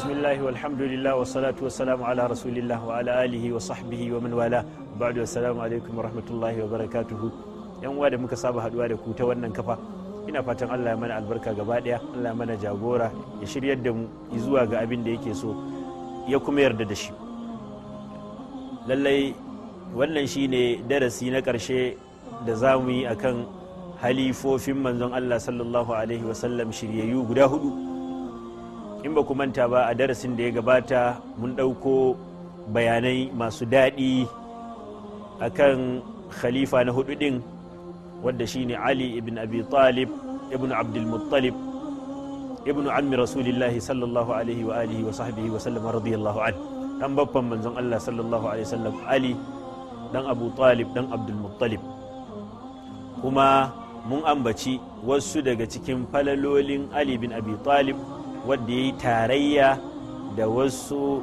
bismillahi walhamdulillah wa salatu wa salamu ala rasulillah wa ala alihi wa sahbihi wa man wala ba'du assalamu alaikum wa rahmatullahi wa barakatuhu yan uwa da muka saba haduwa da ku ta wannan kafa ina fatan Allah ya mana albarka gaba daya Allah ya mana jagora ya shiryar da mu zuwa ga abin da yake so ya kuma yarda da shi lallai wannan shine darasi na karshe da za mu yi akan halifofin manzon Allah sallallahu alaihi wasallam shiryayyu guda hudu in ba ku manta ba a darasin da ya gabata mun ɗauko bayanai masu daɗi a kan khalifa na hudu ɗin wadda shine ali ibn abi talib ibn abdulmuttalib ibn ammi rasulillahi sallallahu alaihi wa alihi wa sahbihi wa sallam radiyallahu an dan babban manzon Allah sallallahu alaihi wasallam ali dan abu talib dan abdulmuttalib kuma mun ambaci wasu daga cikin falalolin ali bin abi talib wadda ya yi tarayya da wasu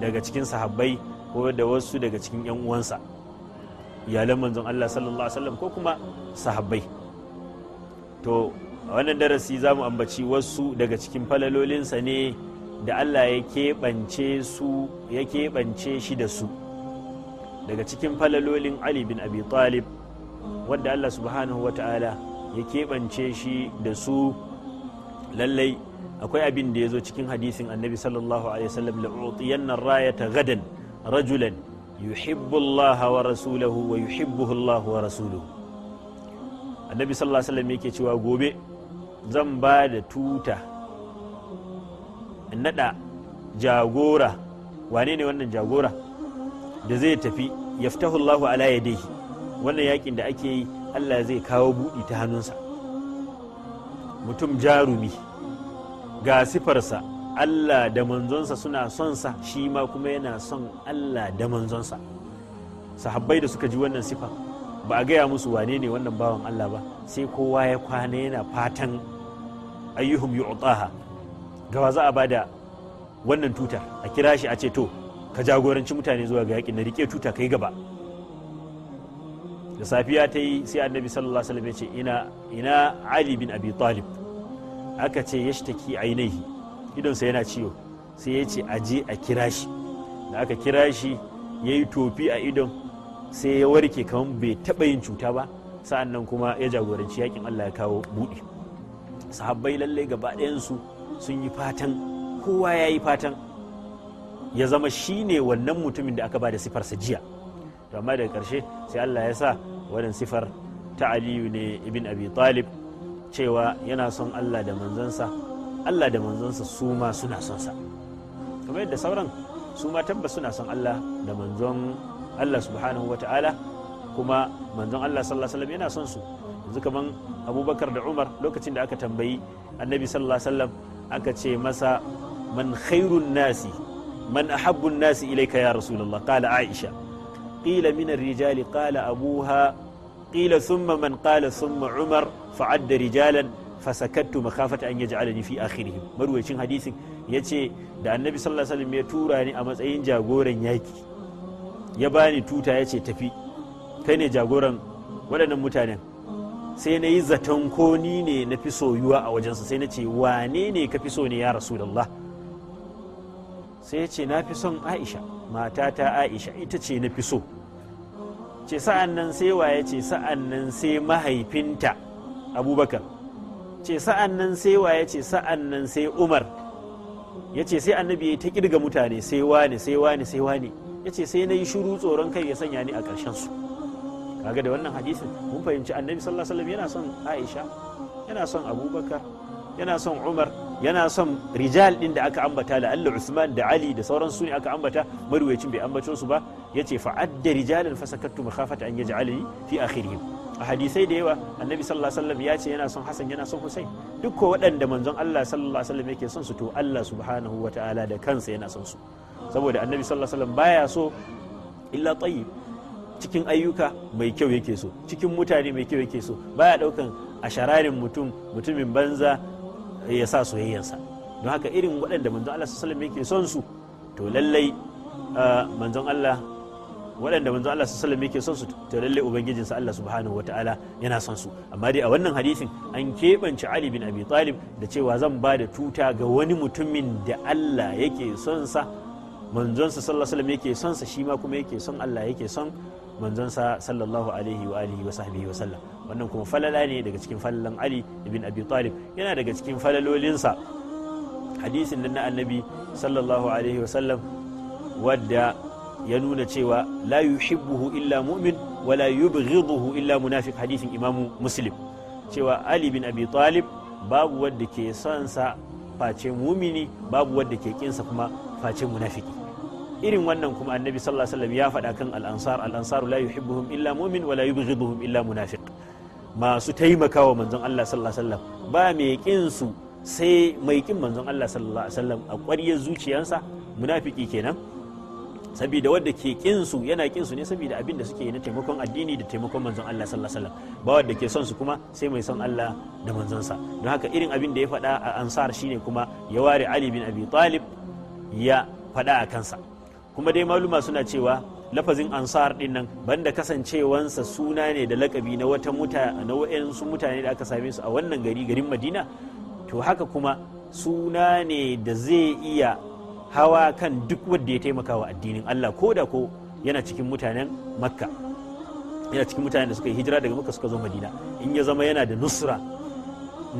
daga cikin sahabbai ko da wasu daga cikin 'yan uwansa iyalan manzon Allah sallallahu alaihi wasallam ko kuma sahabbai to a wannan darasi za mu ambaci wasu daga cikin falalolinsa ne da Allah ya keɓance su ya keɓance shi da su daga cikin falalolin Ali bin Abi Talib wadda Allah subhanahu wa ta'ala ya keɓance shi da su lallai akwai abin da ya zo cikin hadisin annabi sallallahu alaihi wasallam utiyanna rayata gadan rajulan yuhibbu Allah wa rasuluhu wa yuhibbuhu Allah wa rasuluhu annabi sallallahu alaihi wasallam yake cewa gobe zan ba da tuta in nada jagora wane ne wannan jagora da zai tafi yaftahu Allah ala yadihi wannan yakin da ake yi Allah zai kawo buɗi ta hannunsa mutum jarumi ga sifarsa Allah da manzonsa suna son sa shi ma kuma yana son Allah da manzonsa sahabbai da suka ji wannan sifa ba a gaya musu wane ne wannan bawan Allah ba sai kowa ya kwana yana fatan ayyuhum yu'taha gawa za a bada wannan tutar a kira shi a ce to ka jagoranci mutane zuwa ga yakin na rike tuta kai gaba da safiya ta yi sai annabi sallallahu alaihi wasallam ya ce ina ina ali bin abi talib aka ce ya shtaki ainihi sai yana ciwo sai ya ce aje a kira shi da aka kira shi ya yi tofi a idon sai ya warke kamar bai taɓa yin cuta ba sa'an nan kuma ya jagoranci yakin allah ya kawo buɗe sahabbai lallai gaba ɗayansu sun yi fatan kowa ya yi fatan ya zama shine wannan mutumin da aka ba da sifarsa jiya to amma daga karshe sai Allah ya sa wannan sifar ta Aliyu ne ibn Abi Talib cewa yana son Allah da manzansa Allah da manzansa su ma suna son sa kamar yadda sauran su ma tabbas suna son Allah da manzon Allah subhanahu wata'ala kuma manzon Allah sallallahu alaihi wasallam yana son su yanzu kaman Abubakar da Umar lokacin da aka tambayi Annabi sallallahu alaihi wasallam aka ce masa man khairun nasi man ahabbun nasi ilaika ya rasulullah qala Aisha qila min rijali qala abuha qila suma man qala thumma umar fa'adda rijalan fasakattu makafata an yaj'alani fi akhirihim marwayacin hadisin yace da annabi sallallahu alaihi wasallam ya tura ni a matsayin jagoran yaki ya bani tuta yace tafi kai jagoran waɗannan mutanen sai na yi zaton ko ni ne na fi soyuwa a wajensa sai na ce wane ne ka fi so ne ya rasulullah sai ya ce na fi son aisha matata aisha ita ce na fi so ce sa'an nan sai waye ce sa'an nan sai mahaifinta abubakar ce sa'an nan sai waye ce sa'an nan sai umar ya ce sai annabi ya ta kirga mutane sai wani sai wani sai wani ya ce sai na yi shuru tsoron kai ya sanya ni a ƙarshen su kaga da wannan hadisin mun fahimci annabi sallallahu alaihi wasallam yana son aisha yana son abubakar yana son umar yana son rijal din da aka ambata da Allah Usman da Ali da sauran su ne aka ambata marwayacin bai ambato su ba yace fa adda rijalan fasakattu makhafata an yaj'alani fi akhirihim a hadisai da yawa annabi sallallahu alaihi wasallam ya ce yana son Hassan yana son Hussein duk ko waɗanda manzon Allah sallallahu alaihi wasallam yake son su to Allah subhanahu wataala da kansa yana son su saboda annabi sallallahu alaihi wasallam baya so illa tayyib cikin ayyuka mai kyau yake so cikin mutane mai kyau yake so baya daukan a shararin mutum mutumin banza ya sa soyayyarsa don haka irin waɗanda manzon Allah sallallahu alaihi yake son su to lallai manzon Allah waɗanda manzon Allah sallallahu alaihi yake son su to lallai ubangijinsa Allah subhanahu wataala yana son su amma dai a wannan hadisin an keɓance Ali bin Abi Talib da cewa zan ba da tuta ga wani mutumin da Allah yake son sa manzon sa sallallahu alaihi yake son sa shi ma kuma yake son Allah yake son manzonsa sallallahu alaihi wa alihi wa sahbihi wa sallam wannan kuma falala ne daga cikin falalan ali ibn abi talib yana daga cikin falalolinsa hadisin nan na annabi sallallahu alaihi wa sallam wadda ya nuna cewa la yuhibbuhu illa mu'min wa la illa munafiq hadisin imamu muslim cewa ali bin abi talib babu wadda ke son sa face mumini babu wadda ke kinsa kuma face munafiki irin wannan kuma annabi sallallahu alaihi wasallam ya faɗa kan al'ansar al'ansar al-ansar la yuhibbuhum illa mu'min wa la yubghiduhum illa munafiq masu taimakawa manzon Allah sallallahu alaihi wasallam ba mai kin su sai mai kin manzon Allah sallallahu alaihi wasallam a ƙwaryar zuciyarsa munafiki kenan saboda wadda ke kin su yana kin su ne saboda abin da suke na taimakon addini da taimakon manzon Allah sallallahu alaihi wasallam ba wadda ke son su kuma sai mai son Allah da manzonsa don haka irin abin da ya faɗa a ansar shine kuma ya ware Ali bin Abi Talib ya faɗa a kansa kuma dai maluma suna cewa lafazin ansar din nan banda kasancewansa suna ne da lakabi na wata muta na wayansu mutane da aka same su a wannan gari garin madina to haka kuma suna ne da zai iya hawa kan duk wanda ya taimaka wa addinin Allah ko da ko yana cikin mutanen makka yana cikin mutanen da suka yi hijira daga makka suka zo madina in ya zama yana da nusra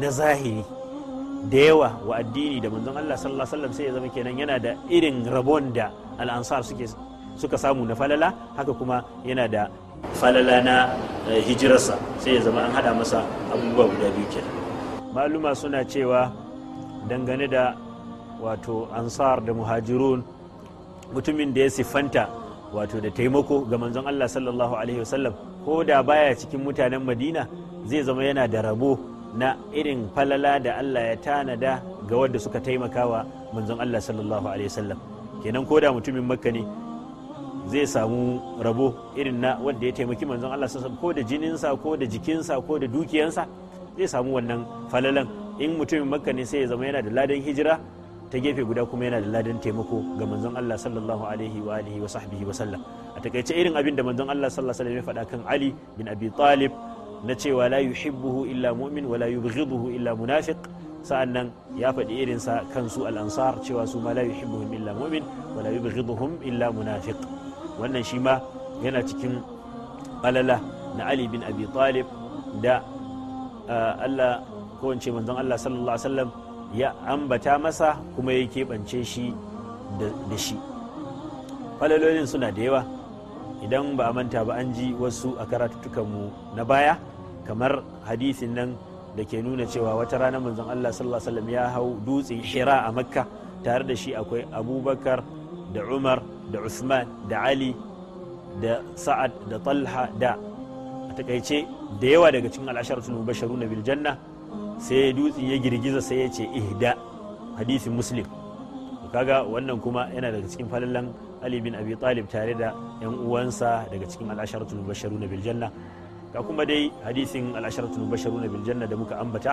na zahiri da yawa wa addini da manzon Allah sallallahu alaihi wasallam sai ya zama kenan yana da irin rabon da al'ansar suka samu na falala haka kuma yana da falala na eh, hijirarsa sai ya zama an hada masa abubuwa guda biyu ke maluma suna cewa dangane da wato ansar da muhajirun mutumin da ya siffanta wato da taimako ga manzon Allah sallallahu alaihi wasallam ko da baya cikin mutanen madina zai zama yana da rabo na irin falala da Allah ya tanada ga wadda suka taimakawa manzon Allah sallallahu alaihi wasallam kenan ko da mutumin makka ne zai samu rabo irin na wanda ya taimaki manzon Allah sassan ko da jininsa ko da jikinsa ko da dukiyansa zai samu wannan falalan in mutumin makka ne sai ya zama yana da ladan hijira ta gefe guda kuma yana da ladan taimako ga manzon Allah sallallahu alaihi wa alihi wa sahbihi wa sallam a takaice irin abin da manzon Allah sallallahu alaihi wa sallam ya faɗa kan Ali bin Abi Talib na cewa la yuhibbuhu illa mu'min wa la yubghiduhu illa munafiq sa'an nan ya faɗi irinsa kan su al'ansar cewa su ma la yuhibbuhum illa mu'min wa la yubghiduhum illa munafiq wannan shi ma yana cikin alala na Ali bin Abi Talib da uh, Allah ko in ce manzon Allah sallallahu alaihi wasallam ya ambata masa kuma ya keɓance shi da shi falalolin suna da yawa idan ba a manta ba an ji wasu a karatuttukanmu na baya kamar hadisin nan da ke nuna cewa wata rana manzon Allah sallallahu alaihi wasallam ya hau dutsen Hira a Makka tare da shi akwai Abubakar da Umar da Usman da Ali da Sa'ad da Talha da a takaice da yawa daga cikin al'asharatul mubashiruna bil janna sai dutse ya girgiza sai ya ce ihda hadisin Muslim kaga wannan kuma yana daga cikin falalen Ali bin Abi Talib tare da 'yan uwansa daga cikin al'asharatul mubashiruna bil janna ga kuma dai hadisin al'asharatul basharuna na da muka ambata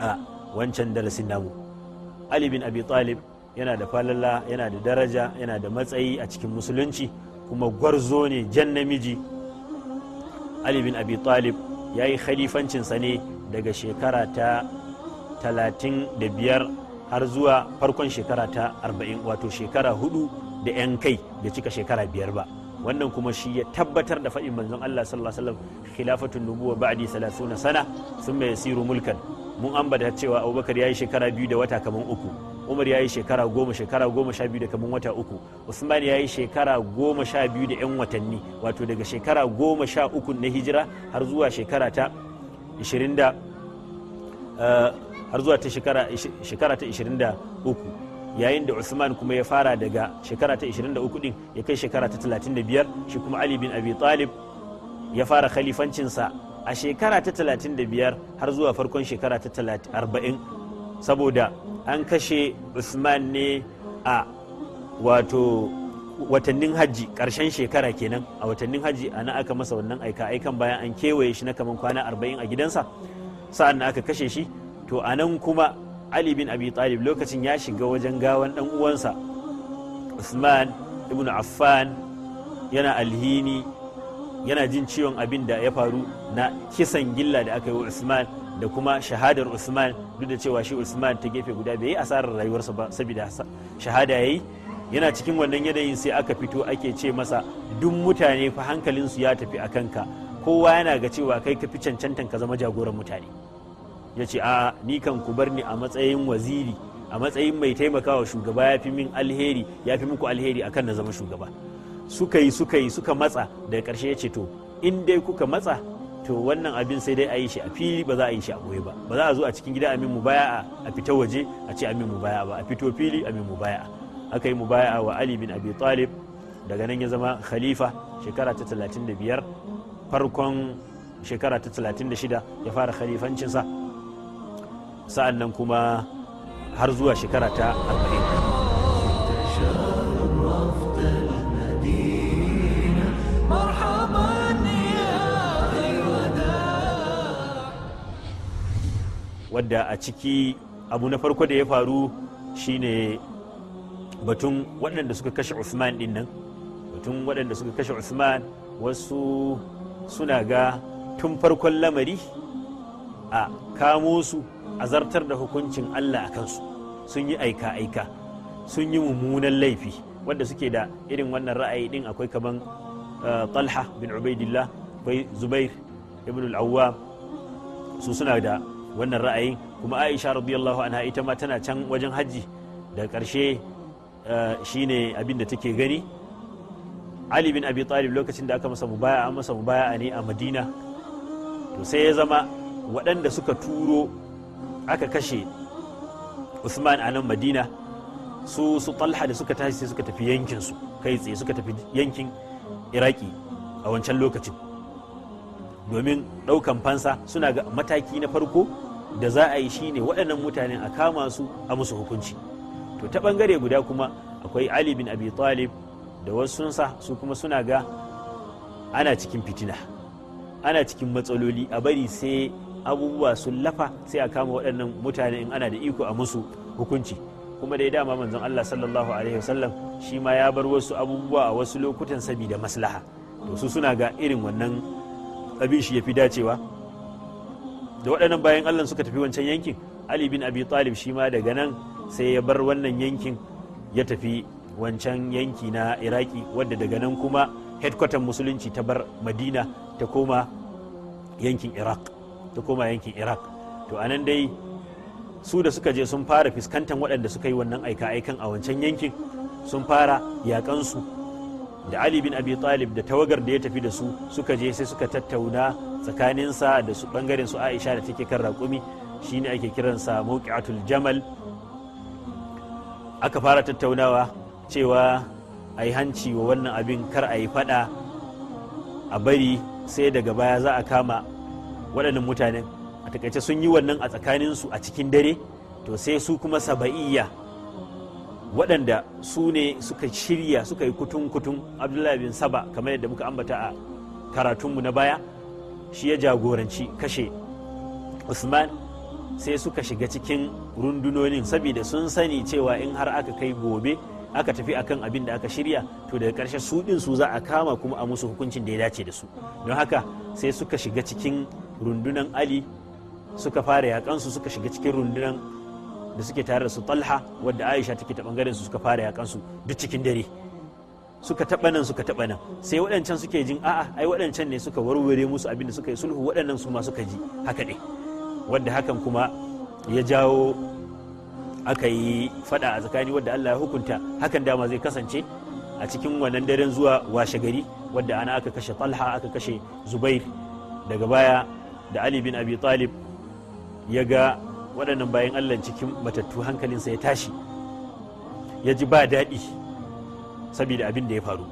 a wancan darasin namu ali bin abi talib yana da falala yana da daraja yana da matsayi a cikin musulunci kuma gwarzo ne jan namiji ali bin abi talib ya yi khalifancinsa ne daga shekara ta talatin da biyar har zuwa farkon shekara ta arba'in wato shekara hudu da 'yan kai da cika shekara biyar ba wannan kuma shi ya tabbatar da faɗin manzon Allah sallallahu alaihi wasallam khilafatun nubuwa ba'di 30 sana thumma yasiru mulkan mun ambata cewa Abubakar yayi shekara biyu da wata kaman uku Umar yayi shekara goma shekara goma sha biyu da kaman wata uku Usman yayi shekara goma sha biyu da yan watanni wato daga shekara goma sha uku na hijira har zuwa shekara ta 20 da eh, har zuwa ta shekara ta 23 yayin da Usman kuma ya fara daga shekara ta 23 din ya kai shekara ta 35 shi kuma Ali bin Abi Talib ya fara khalifancinsa a shekara ta 35 har zuwa farkon shekara ta 40 saboda an kashe Usman ne a wato watannin hajji karshen shekara kenan a watannin hajji ana aka masa wannan aika aikan bayan an kewaye shi na kaman kwana 40 a gidansa sa'an aka kashe shi to anan kuma ali bin abi talib lokacin ya shiga wajen gawan dan uwansa usman ibn affan yana alhini yana jin ciwon abin da ya faru na kisan gilla da aka yi wa usman da kuma shahadar usman duk da cewa shi usman ta gefe guda bai yi asarar rayuwarsa ba saboda shahada ya yi yana cikin wannan yanayin sai aka fito ake ce masa duk mutane fa hankalinsu ya tafi a kanka kowa yana ga cewa kai ka fi cancantan ka zama jagoran mutane ya ce a ni kan ku bar ni a matsayin waziri a matsayin mai taimakawa shugaba ya fi min alheri ya fi muku alheri akan na zama shugaba suka yi suka yi suka matsa daga karshe ya ce to in dai kuka matsa to wannan abin sai dai a yi shi a fili ba za a yi shi a goye ba ba za a zo a cikin gida amin mu baya a fita waje a ce amin mu baya ba a fito fili amin mu baya aka yi mu baya wa ali bin abi talib daga nan ya zama khalifa shekara ta 35 farkon shekara ta shida ya fara khalifancinsa sa'an nan kuma har zuwa shekara ta arba'in. wadda a ciki abu na farko da ya faru shine batun waɗanda suka kashe usman ɗin nan batun waɗanda suka kashe usman wasu suna ga tun farkon lamari a kamo su Azartar da hukuncin Allah a kansu sun yi aika-aika sun yi mummunan laifi wadda suke da irin wannan ra'ayi din akwai kaman eh, talha bin ubaidillah akwai zubair ibn Awwa. su suna da wannan ra'ayin kuma aisha radiyallahu anha ita ma tana can wajen hajji da karshe eh, shine abin da take gani ali bin abi talib lokacin da aka masa mubaya'a masa mubaya'a ne a madina to sai ya zama waɗanda suka turo aka kashe usman a nan madina su su talha da suka tashi sai suka tafi yankin su kai tsaye suka tafi yankin iraki a wancan lokacin domin ɗaukan fansa suna ga mataki na farko da za a yi shine waɗannan mutanen a kama su a musu hukunci to ta ɓangare guda kuma akwai ali bin abi talib da wasunsa su kuma suna ga ana cikin fitina ana cikin matsaloli a bari sai abubuwa sun lafa sai a kama waɗannan mutane in ana da iko a musu hukunci kuma dai dama manzon Allah sallallahu alaihi wasallam shi ma ya bar wasu abubuwa a wasu lokutan saboda maslaha to su suna ga irin wannan abin shi yafi dacewa da waɗannan bayan Allah suka tafi wancan yankin Ali bin Abi Talib shi ma daga nan sai ya bar wannan yankin ya tafi wancan yanki na Iraki wadda daga nan kuma headquarter musulunci ta bar Madina ta koma yankin Iraq ta koma yankin iraq to anan dai su da suka je sun fara fuskantar waɗanda suka yi wannan aika-aikan a wancan yankin sun fara yaƙansu da ali bin abi talib da tawagar da ya tafi da su suka je sai suka tattauna tsakaninsa da su bangaren su aisha da take kan raƙumi shine ake kiransa mawqi'atul jamal aka fara tattaunawa cewa a yi hanci wa wannan abin kar a yi faɗa a bari sai daga baya za a kama waɗannan mutanen a takaice sun yi wannan a tsakaninsu a cikin dare to sai su kuma saba'iyya waɗanda su ne suka shirya suka yi kutun-kutun abdullahi bin saba kamar yadda muka ambata a karatunmu na baya shi ya jagoranci kashe usman sai suka shiga cikin rundunonin saboda sun sani cewa in har aka kai gobe aka tafi akan abin da aka shirya to daga karshe su ɗin su za a kama kuma a musu hukuncin da ya dace da su don haka sai suka shiga cikin rundunan ali suka fara yakansu suka shiga cikin rundunan da suke tare da su talha wadda aisha take ta bangaren su suka fara yakansu duk cikin dare suka taɓa nan suka taɓa nan sai waɗancan suke jin a'a ai waɗancan ne suka warware musu abin da suka yi sulhu waɗannan su ma suka ji haka ne wadda hakan kuma ya jawo aka yi faɗa a tsakani wadda Allah ya hukunta hakan dama zai kasance a cikin wannan daren zuwa washe gari wadda ana aka kashe talha aka kashe zubair daga baya da ali bin abi talib ya ga waɗannan bayan allah cikin matattu hankalinsa ya tashi ya ji ba daɗi saboda abin da ya faru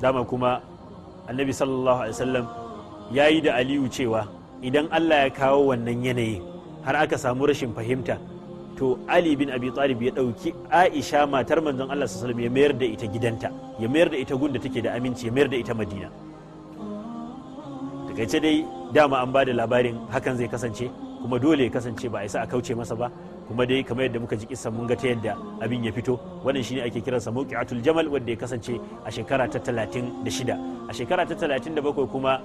dama kuma annabi sallallahu alaihi wasallam ya yi da aliyu cewa idan allah ya kawo wannan yanayin har aka samu rashin fahimta to ali bin abi talib ya ɗauki aisha matar manzon allah sallallahu alaihi wasallam ya mayar da ita gidanta ya mayar da ita gunda take da aminci ya mayar da ita madina takaice dai dama an ba da labarin hakan zai kasance kuma dole ya kasance ba a isa a kauce masa ba kuma dai kamar yadda muka ji kisa mun ga ta yadda abin ya fito wannan shine ake kiransa mawqi'atul jamal wanda ya kasance a shekara ta 36 a shekara ta da 37 kuma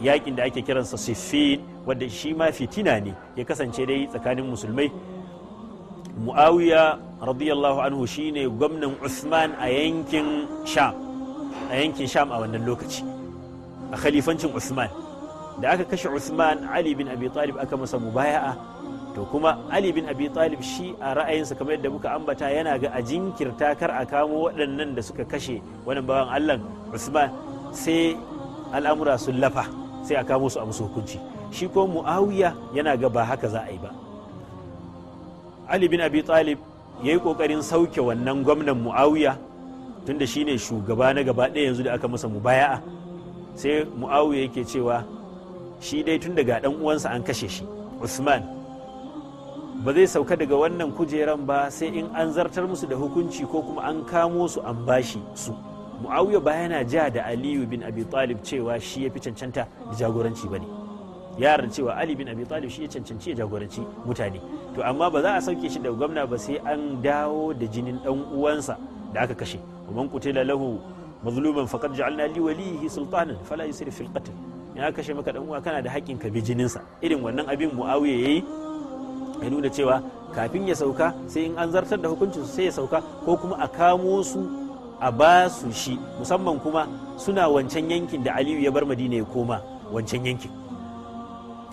yakin da ake kiransa siffin wanda shi ma fitina ne ya kasance dai tsakanin musulmai muawiya radiyallahu anhu shine gwamnan usman a yankin sham a yankin sham a wannan lokaci a khalifancin usman da aka kashe Usman Ali bin Abi Talib aka masa mubaya'a to kuma Ali bin Abi Talib shi a ra'ayinsa kamar yadda muka ambata yana ga a jinkirta kar a kamo waɗannan da suka kashe wannan bawan Allah Usman. sai al'amura sun lafa sai a kamo su a musu hukunci shi ko Muawiya yana ga ba haka za a yi ba Ali bin Abi Talib yayi kokarin sauke wannan gwamnan Muawiya tunda shine shugaba na gaba ɗaya yanzu da aka masa mubaya'a sai Muawiya yake cewa shi dai tun daga ɗan uwansa an kashe shi usman ba zai sauka daga wannan kujeran ba sai in an zartar musu da hukunci ko kuma an kamo su an bashi su muawiya ba yana ja da aliyu bin abi talib cewa shi ya fi cancanta da jagoranci ba ne yaran cewa ali bin abi talib shi ya cancanci ya jagoranci mutane to amma ba za a sauke shi da gwamna ba sai an dawo da jinin dan uwansa da aka kashe wa man qutila lahu mazluman faqad ja'alna li walihi sultanan fala yusrif fil qatl ya kashe maka dan uwa kana da haƙƙin ka bi jininsa irin wannan abin muawiya yayi ya nuna cewa kafin ya sauka sai in an zartar da hukuncin sai ya sauka ko kuma a kamo su a ba su shi musamman kuma suna wancan yankin da aliyu ya bar madina ya koma wancan yankin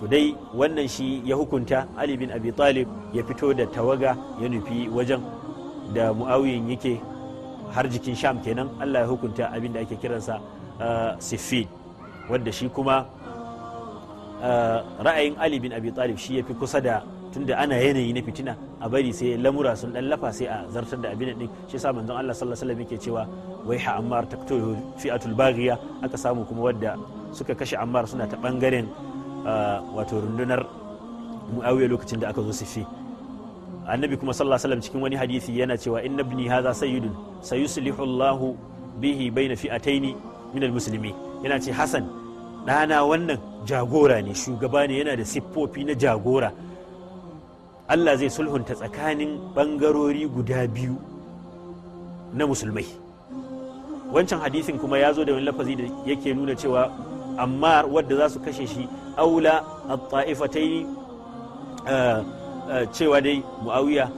to dai wannan shi ya hukunta ali bin abi talib ya fito da tawaga ya nufi wajen da muawiyin yake har jikin sham kenan allah ya hukunta abin da ake kiransa uh, wadda shi kuma eh, ra'ayin ali bin abi talib shi ya fi kusa da tunda ana yanayi na fitina a bari sai lamura sun dan lafa sai a zartar da abin din shi yasa manzon Allah sallallahu alaihi yake cewa wai ha ammar takto fi'atul baghiya aka samu kuma wadda suka kashe ammar suna ta bangaren eh, wato rundunar muawiya lokacin da aka zo sifi annabi kuma sallallahu alaihi cikin wani hadisi yana cewa inna ibni hadha sayyidun sayuslihu Allahu bihi baina fi'ataini min almuslimin yana ce hasan ɗana wannan jagora ne shugaba ne yana da siffofi na jagora Allah zai sulhunta tsakanin ɓangarori guda biyu na musulmai wancan hadisin kuma ya zo da wani lafazi da yake nuna cewa amma wadda za su kashe shi aula a ta'ifatai eh, eh, cewa dai mu'awiya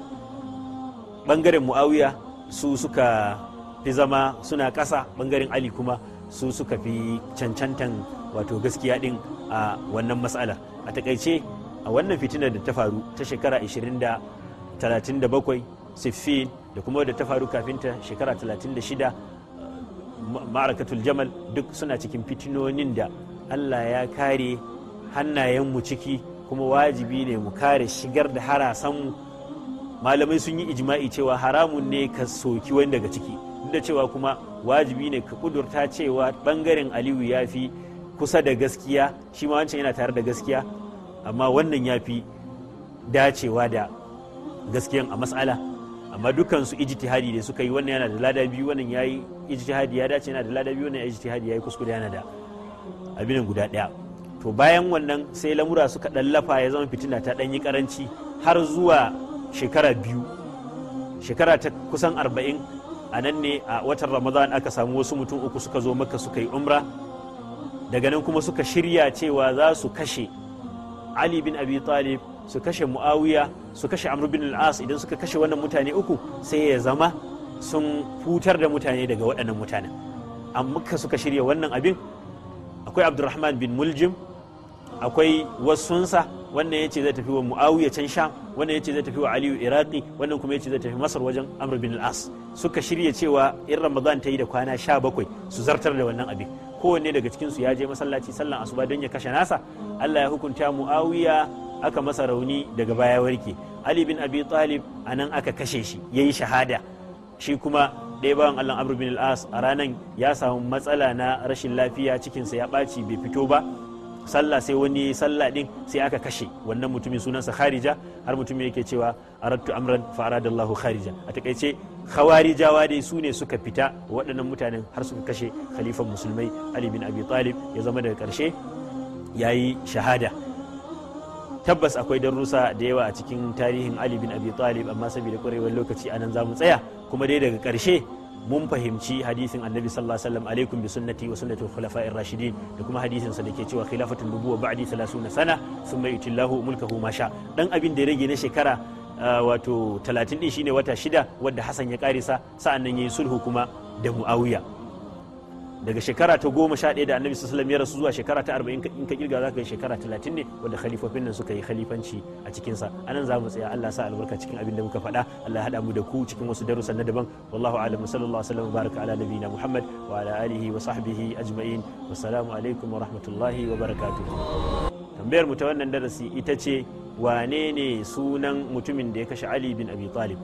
ɓangaren mu'awiya su suka fi zama suna ƙasa ɓangaren ali kuma su suka fi cancantan wato gaskiya din a wannan matsala a takaice a wannan fitinar da ta faru ta shekara 20 da 37 siffin da kuma da ta faru kafin ta shekara 36 ma'arakatul jamal duk suna cikin fitinonin da allah ya kare hannayenmu ciki kuma wajibi ne mu kare shigar da harasanmu malamai sun yi ijma'i cewa haramun ne ka soki wani daga ciki duk da cewa kuma wajibi ne ka kudurta cewa bangaren aliyu ya fi kusa da gaskiya shi ma wancan yana tare da gaskiya amma wannan ya fi dacewa da gaskiyan a matsala amma su ijtihadi ne suka yi wannan yana da lada biyu wannan yayi ijtihadi ya dace yana da lada biyu wannan ijtihadi yayi kuskure yana da abinin guda daya to bayan wannan sai lamura suka lafa ya zama fitina ta danyi karanci har zuwa shekara biyu shekara ta kusan arba'in a nan ne a watan ramadan aka samu wasu mutum uku suka zo maka suka yi umra daga nan kuma suka shirya cewa za su kashe ali bin abi talib su kashe muawiya su kashe amr bin al-as idan suka kashe wannan mutane uku sai ya zama sun futar da mutane daga waɗannan mutanen amma suka shirya wannan abin akwai abdurrahman bin muljim akwai wasunsa wannan ya ce zai tafi wa muawiya can sham wannan ya ce zai tafi wa aliyu iraki wannan kuma ya ce zai tafi masar wajen amr bin al-as suka shirya cewa in ramadan ta yi da kwana sha bakwai su zartar da wannan abin kowanne daga cikinsu ya je masallaci sallan asuba don ya kashe nasa Allah ya hukunta muawiya aka masa rauni daga baya warke ali bin abi talib a nan aka kashe shi ya yi shahada shi kuma ɗaya bawan allah abu bin al-as a ranan ya samu matsala na rashin lafiya cikinsa ya ɓaci bai fito ba sallah sai wani sallah din sai aka kashe wannan mutumin sunansa kharija har mutumin yake cewa aradtu amran fa aradallahu kharija a takaice khawarijawa dai su ne suka fita waɗannan mutanen har suka kashe khalifan musulmai ali bin abi talib ya zama daga ƙarshe yayi shahada tabbas akwai darussa da yawa a cikin tarihin ali bin abi talib amma saboda kwarewar lokaci anan zamu tsaya kuma dai daga ƙarshe mun fahimci hadisin annabi sallallahu alaihi wasallam alaikum bi sunnati wa sunnati rashidin da kuma hadisin sa dake cewa khilafatul nubuwa ba'di 30 sana thumma yutillahu mulkahu ma sha dan abin da ya rage na shekara ah, wato 30 din shine wata shida wadda Hassan ya karisa sa'annan yayi sulhu kuma da Muawiya daga shekara ta goma sha ɗaya da annabi sallallahu ya rasu zuwa shekara ta arba'in in ka kirga za ka yi shekara talatin ne wanda khalifofin nan suka yi khalifanci a cikinsa anan za mu tsaya Allah sa albarka cikin abin da muka faɗa Allah haɗa mu da ku cikin wasu darussa na daban wallahu a'lam sallallahu alaihi wa baraka ala nabiyina Muhammad wa ala alihi wa sahbihi ajma'in wassalamu alaikum wa rahmatullahi wa barakatuh tambayar mu ta wannan darasi ita ce wane ne sunan mutumin da ya kashe Ali bin Abi Talib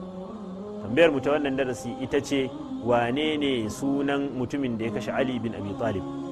tambayar mu ta wannan darasi ita ce wane ne sunan mutumin da ya kashe ali bin abi talib